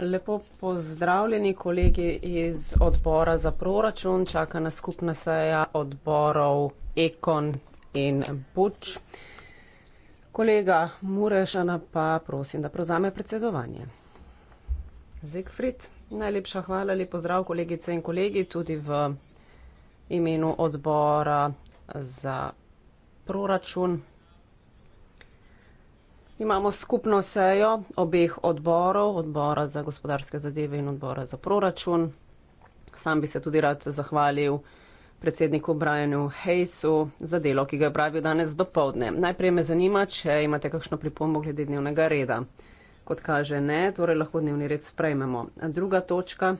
Lepo pozdravljeni kolegi iz odbora za proračun. Čaka nas skupna seja odborov Ekon in Buč. Kolega Murešana pa prosim, da prevzame predsedovanje. Zigfrid, najlepša hvala, lep pozdrav kolegice in kolegi tudi v imenu odbora za proračun. Imamo skupno sejo obeh odborov, odbora za gospodarske zadeve in odbora za proračun. Sam bi se tudi rad zahvalil predsedniku Brianu Hayesu za delo, ki ga je pravil danes do povdne. Najprej me zanima, če imate kakšno pripombo glede dnevnega reda. Kot kaže ne, torej lahko dnevni red sprejmemo. Druga točka.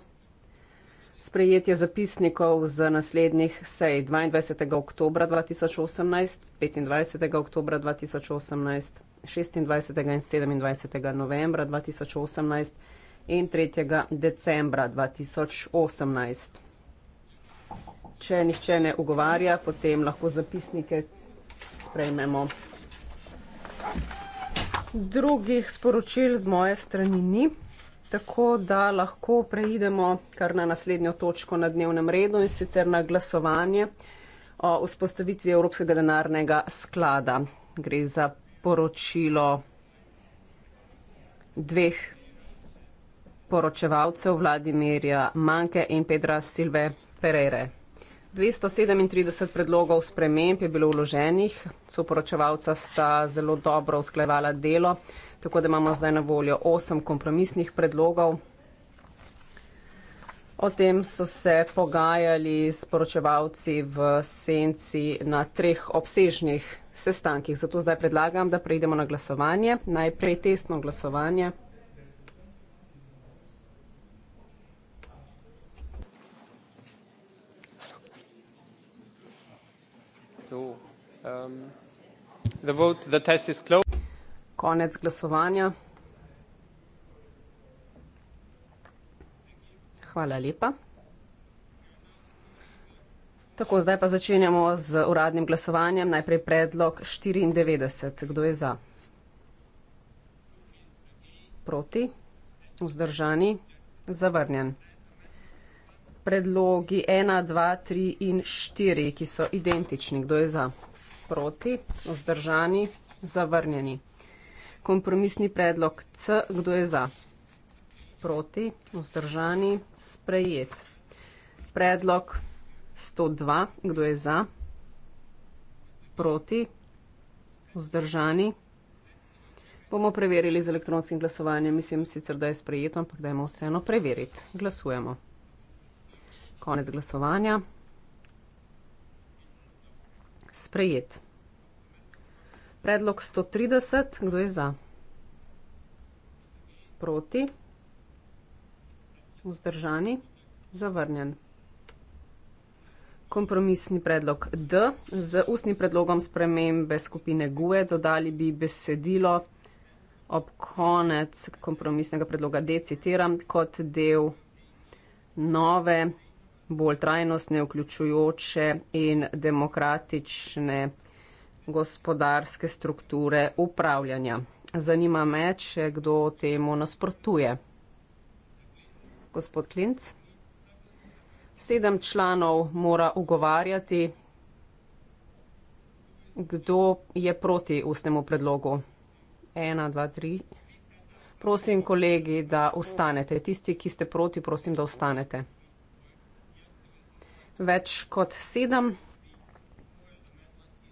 Sprejetje zapisnikov z naslednjih sej 22. oktober 2018, 25. oktober 2018. 26. in 27. novembra 2018 in 3. decembra 2018. Če nihče ne ugovarja, potem lahko zapisnike sprejmemo. Drugih sporočil z moje strani ni, tako da lahko preidemo kar na naslednjo točko na dnevnem redu in sicer na glasovanje o vzpostavitvi Evropskega denarnega sklada. Gre za poročilo dveh poročevalcev Vladimirja Manke in Pedra Silve Perere. 237 predlogov sprememb je bilo vloženih, soporočevalca sta zelo dobro usklajevala delo, tako da imamo zdaj na voljo 8 kompromisnih predlogov. O tem so se pogajali s poročevalci v senci na treh obsežnih sestankih. Zato zdaj predlagam, da prejdemo na glasovanje. Najprej testno glasovanje. So, um, the vote, the test Konec glasovanja. Hvala lepa. Tako, zdaj pa začenjamo z uradnim glasovanjem. Najprej predlog 94. Kdo je za? Proti? Vzdržani? Zavrnjen. Predlogi 1, 2, 3 in 4, ki so identični. Kdo je za? Proti? Vzdržani? Zavrnjeni. Kompromisni predlog C. Kdo je za? Proti? proti, vzdržani, sprejet. Predlog 102, kdo je za, proti, vzdržani. Bomo preverili z elektronskim glasovanjem, mislim sicer, da je sprejeto, ampak dajmo vseeno preveriti. Glasujemo. Konec glasovanja. Sprejet. Predlog 130, kdo je za? Proti vzdržani, zavrnjen. Kompromisni predlog D. Z ustnim predlogom spremembe skupine GUE dodali bi besedilo ob konec kompromisnega predloga D, citiram, kot del nove, bolj trajnostne, vključujoče in demokratične gospodarske strukture upravljanja. Zanima me, če kdo temu nasprotuje gospod Klinc. Sedem članov mora ugovarjati, kdo je proti ustnemu predlogu. Ena, dva, tri. Prosim, kolegi, da ustanete. Tisti, ki ste proti, prosim, da ustanete. Več kot sedem,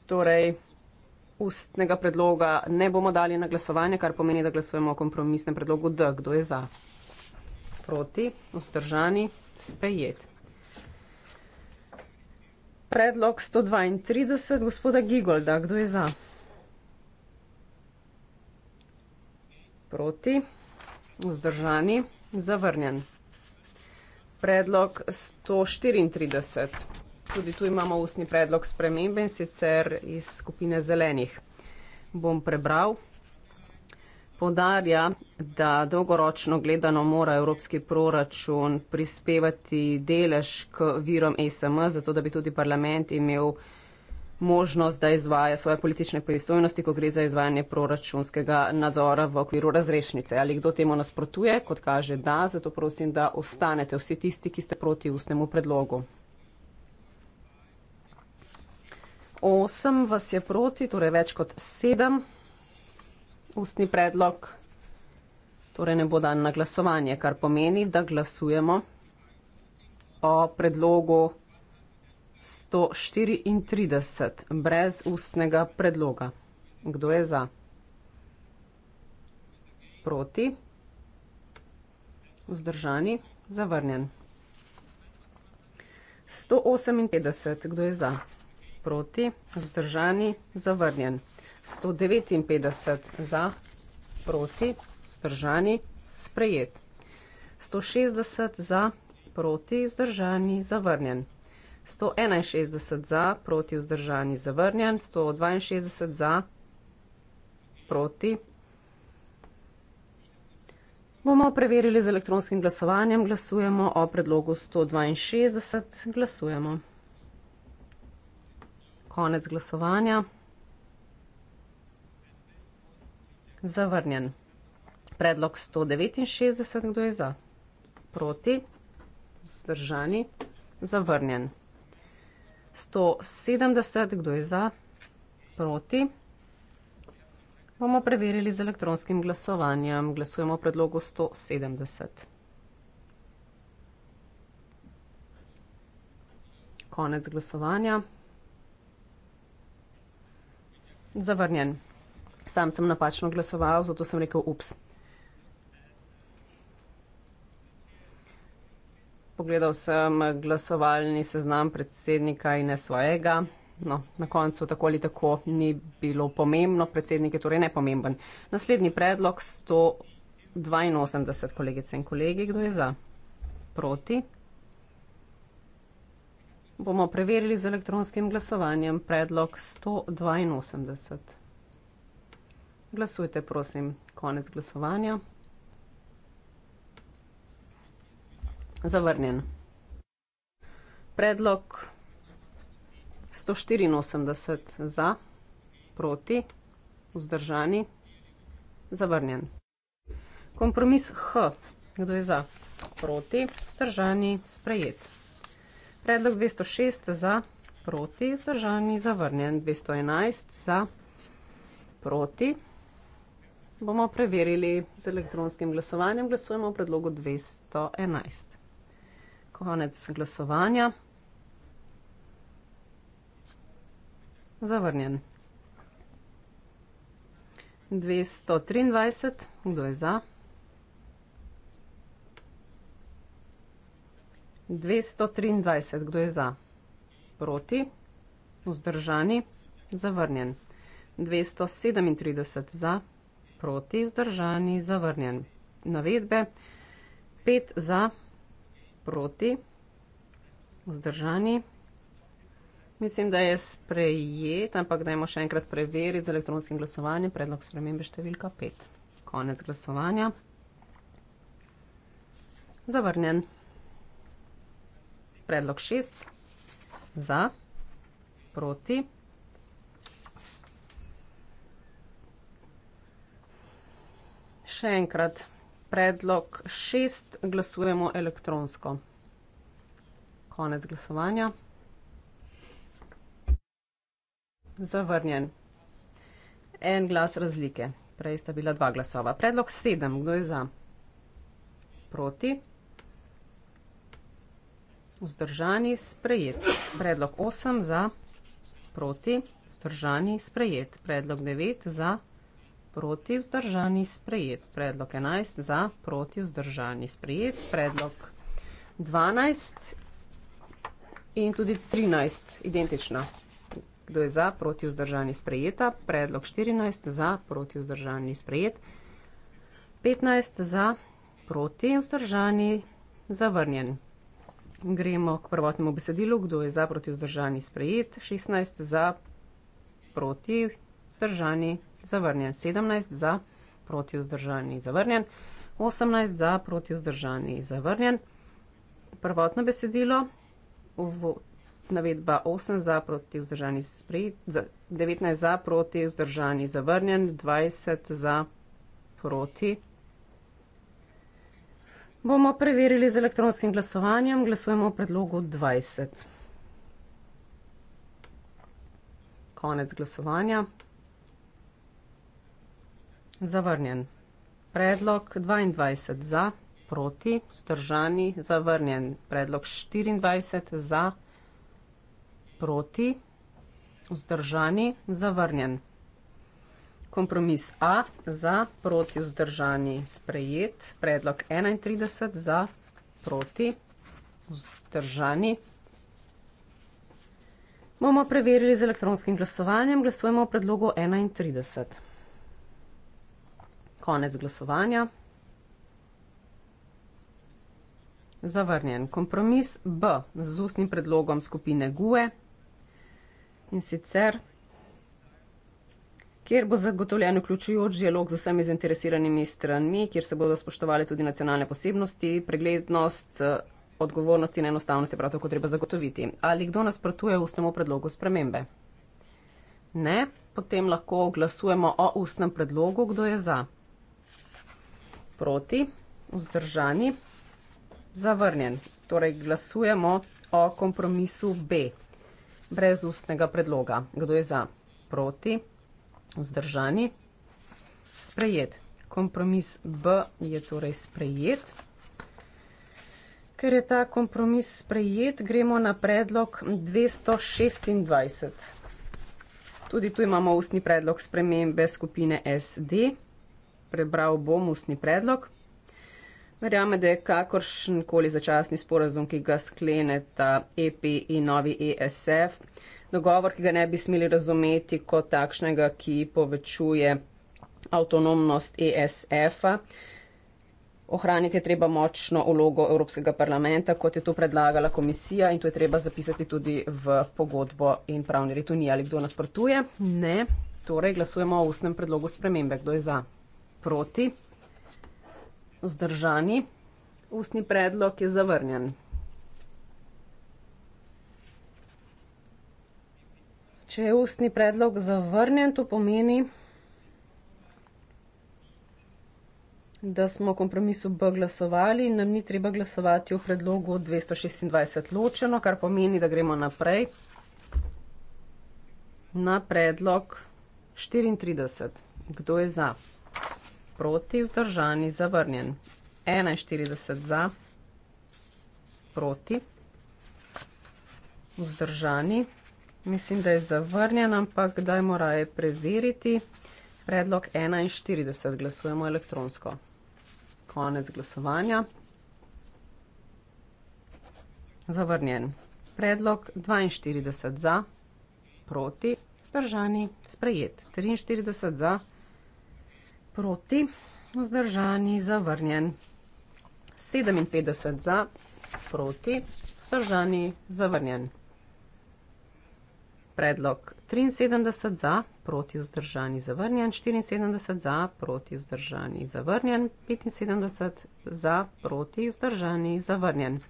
torej ustnega predloga ne bomo dali na glasovanje, kar pomeni, da glasujemo o kompromisnem predlogu D. Kdo je za? proti, vzdržani, spejet. Predlog 132, gospoda Gigolda, kdo je za? Proti, vzdržani, zavrnjen. Predlog 134, tudi tu imamo ustni predlog spremembe in sicer iz skupine zelenih. Bom prebral podarja, da dolgoročno gledano mora evropski proračun prispevati delež k virom ESM, zato da bi tudi parlament imel možnost, da izvaja svoje politične pristojnosti, ko gre za izvajanje proračunskega nadzora v okviru razrešnice. Ali kdo temu nasprotuje, kot kaže da, zato prosim, da ostanete vsi tisti, ki ste proti ustnemu predlogu. Osem vas je proti, torej več kot sedem ustni predlog torej ne bo dan na glasovanje, kar pomeni, da glasujemo o predlogu 134 brez ustnega predloga. Kdo je za? Proti? Vzdržani? Zavrnjen. 158. Kdo je za? Proti? Vzdržani? Zavrnjen. 159. 159 za, proti, vzdržani, sprejet. 160 za, proti, vzdržani, zavrnjen. 161 za, proti, vzdržani, zavrnjen. 162 za, proti. Bomo preverili z elektronskim glasovanjem. Glasujemo o predlogu 162. Glasujemo. Konec glasovanja. zavrnjen. Predlog 169, kdo je za? Proti, zdržani, zavrnjen. 170, kdo je za? Proti. Bomo preverili z elektronskim glasovanjem. Glasujemo o predlogu 170. Konec glasovanja. Zavrnjen. Sam sem napačno glasoval, zato sem rekel ups. Pogledal sem glasovalni seznam predsednika in ne svojega. No, na koncu tako ali tako ni bilo pomembno, predsednik je torej nepomemben. Naslednji predlog 182, kolegice in kolegi, kdo je za? Proti? Bomo preverili z elektronskim glasovanjem predlog 182. Glasujte, prosim. Konec glasovanja. Zavrnjen. Predlog 184 za, proti, vzdržani, zavrnjen. Kompromis H. Kdo je za? Proti, vzdržani, sprejet. Predlog 206 za, proti, vzdržani, zavrnjen. 211 za, proti, vzdržani bomo preverili z elektronskim glasovanjem. Glasujemo o predlogu 211. Konec glasovanja. Zavrnjen. 223, kdo je za? 223, kdo je za? Proti, vzdržani, zavrnjen. 237 za, proti, vzdržani, zavrnjen. Navedbe 5 za, proti, vzdržani. Mislim, da je sprejet, ampak dajmo še enkrat preveriti z elektronskim glasovanjem predlog spremembe številka 5. Konec glasovanja. Zavrnjen. Predlog 6 za, proti, vzdržani. še enkrat. Predlog šest, glasujemo elektronsko. Konec glasovanja. Zavrnjen. En glas razlike. Prej sta bila dva glasova. Predlog sedem, kdo je za? Proti. Vzdržani sprejet. Predlog osem za. Proti. Vzdržani sprejet. Predlog devet za proti vzdržani sprejet. Predlog 11 za proti vzdržani sprejet. Predlog 12 in tudi 13 identična. Kdo je za proti vzdržani sprejeta? Predlog 14 za proti vzdržani sprejet. 15 za proti vzdržani zavrnjen. Gremo k prvotnemu besedilu, kdo je za proti vzdržani sprejet. 16 za proti vzdržani, zavrnjen, 17 za, proti vzdržani, zavrnjen, 18 za, proti vzdržani, zavrnjen. Prvotno besedilo, uvo, navedba 8 za, proti vzdržani, sprejet, 19 za, proti vzdržani, zavrnjen, 20 za, proti. Bomo preverili z elektronskim glasovanjem, glasujemo o predlogu 20. Konec glasovanja zavrnjen. Predlog 22 za, proti, vzdržani, zavrnjen. Predlog 24 za, proti, vzdržani, zavrnjen. Kompromis A za, proti, vzdržani, sprejet. Predlog 31 za, proti, vzdržani. Bomo preverili z elektronskim glasovanjem. Glasujemo o predlogu 31. Konec glasovanja. Zavrnjen kompromis B z ustnim predlogom skupine GUE in sicer, kjer bo zagotovljen vključujoč dialog z vsemi zainteresiranimi stranmi, kjer se bodo spoštovali tudi nacionalne posebnosti, preglednost, odgovornost in enostavnost je prav tako treba zagotoviti. Ali kdo nasprotuje ustnemu predlogu spremembe? Ne, potem lahko glasujemo o ustnem predlogu, kdo je za proti, vzdržani, zavrnjen. Torej glasujemo o kompromisu B, brez ustnega predloga. Kdo je za proti, vzdržani, sprejet. Kompromis B je torej sprejet. Ker je ta kompromis sprejet, gremo na predlog 226. Tudi tu imamo ustni predlog spremembe skupine SD prebral bom ustni predlog. Verjame, da je kakršen koli začasni sporazum, ki ga skleneta EP in novi ESF, dogovor, ki ga ne bi smeli razumeti kot takšnega, ki povečuje avtonomnost ESF-a. Ohraniti je treba močno ulogo Evropskega parlamenta, kot je to predlagala komisija in to je treba zapisati tudi v pogodbo in pravni red. Ni ali kdo nasprotuje? Ne. Torej glasujemo o ustnem predlogu spremembe. Kdo je za? proti. Vzdržani. Ustni predlog je zavrnjen. Če je ustni predlog zavrnjen, to pomeni, da smo o kompromisu B glasovali in nam ni treba glasovati o predlogu 226 ločeno, kar pomeni, da gremo naprej na predlog 34. Kdo je za? proti, vzdržani, zavrnjen. 41 za, proti, vzdržani. Mislim, da je zavrnjen, ampak daj moraje preveriti. Predlog 41, glasujemo elektronsko. Konec glasovanja. Zavrnjen. Predlog 42 za, proti, vzdržani, sprejet. 43 za, proti proti, vzdržani, zavrnjen. 57 za, proti, vzdržani, zavrnjen. Predlog 73 za, proti, vzdržani, zavrnjen. 74 za, proti, vzdržani, zavrnjen. 75 za, proti, vzdržani, zavrnjen.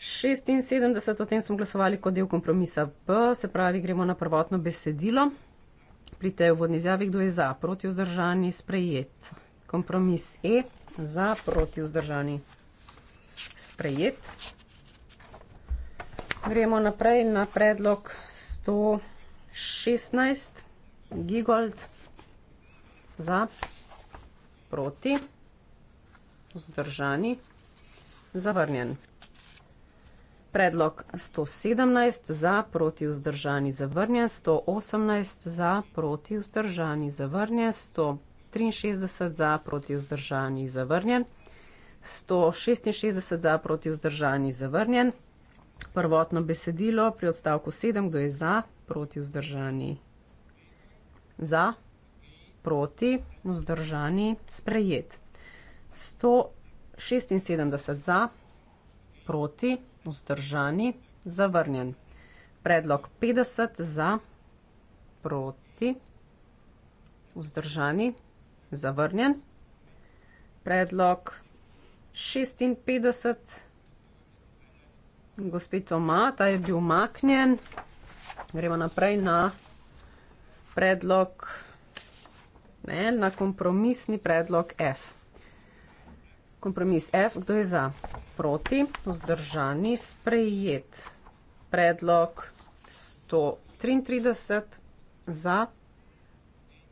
76, o tem smo glasovali kot del kompromisa B, se pravi, gremo na prvotno besedilo. Pri tej uvodni izjavi, kdo je za, proti vzdržani, sprejet. Kompromis E, za, proti vzdržani, sprejet. Gremo naprej na predlog 116, Gigold, za, proti, vzdržani, zavrnjen. Predlog 117 za proti vzdržani zavrnje, 118 za proti vzdržani zavrnje, 163 za proti vzdržani zavrnje, 166 za proti vzdržani zavrnje. Prvotno besedilo pri odstavku 7, kdo je za proti vzdržani za proti vzdržani sprejet. 176 za proti vzdržani vzdržani, zavrnjen. Predlog 50 za, proti, vzdržani, zavrnjen. Predlog 56, gospod Toma, ta je bil maknjen. Gremo naprej na predlog, ne, na kompromisni predlog F. Kompromis F, kdo je za? Proti, vzdržani, sprejet. Predlog 133 za,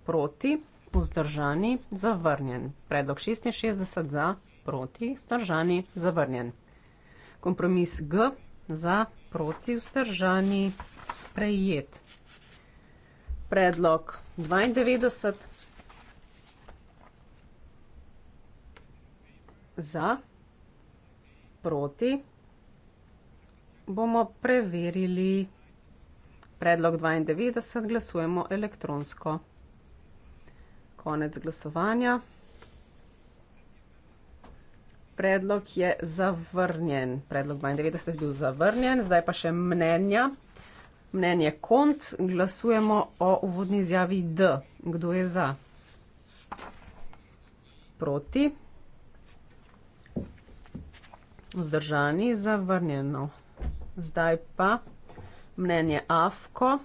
proti, vzdržani, zavrnjen. Predlog 66 za, proti, vzdržani, zavrnjen. Kompromis G za, proti, vzdržani, sprejet. Predlog 92 za, za, proti. Bomo preverili predlog 92, glasujemo elektronsko. Konec glasovanja. Predlog je zavrnjen. Predlog 92 je bil zavrnjen, zdaj pa še mnenja. Mnenje kont, glasujemo o uvodni izjavi D. Kdo je za? Proti vzdržani, zavrnjeno. Zdaj pa mnenje AFKO.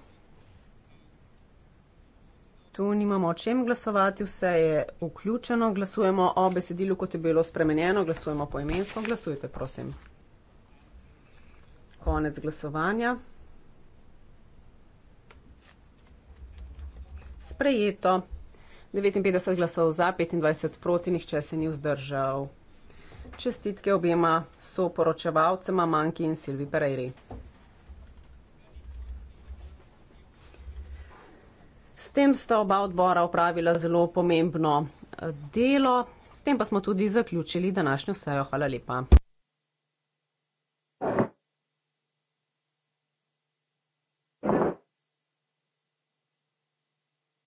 Tu nimamo o čem glasovati, vse je vključeno. Glasujemo o besedilu, kot je bilo spremenjeno, glasujemo po imensko. Glasujte, prosim. Konec glasovanja. Sprejeto. 59 glasov za, 25 proti, nihče se ni vzdržal čestitke obema soporočevalcema Manki in Silvi Pereiri. S tem sta oba odbora upravila zelo pomembno eh, delo, s tem pa smo tudi zaključili današnjo sejo. Hvala lepa.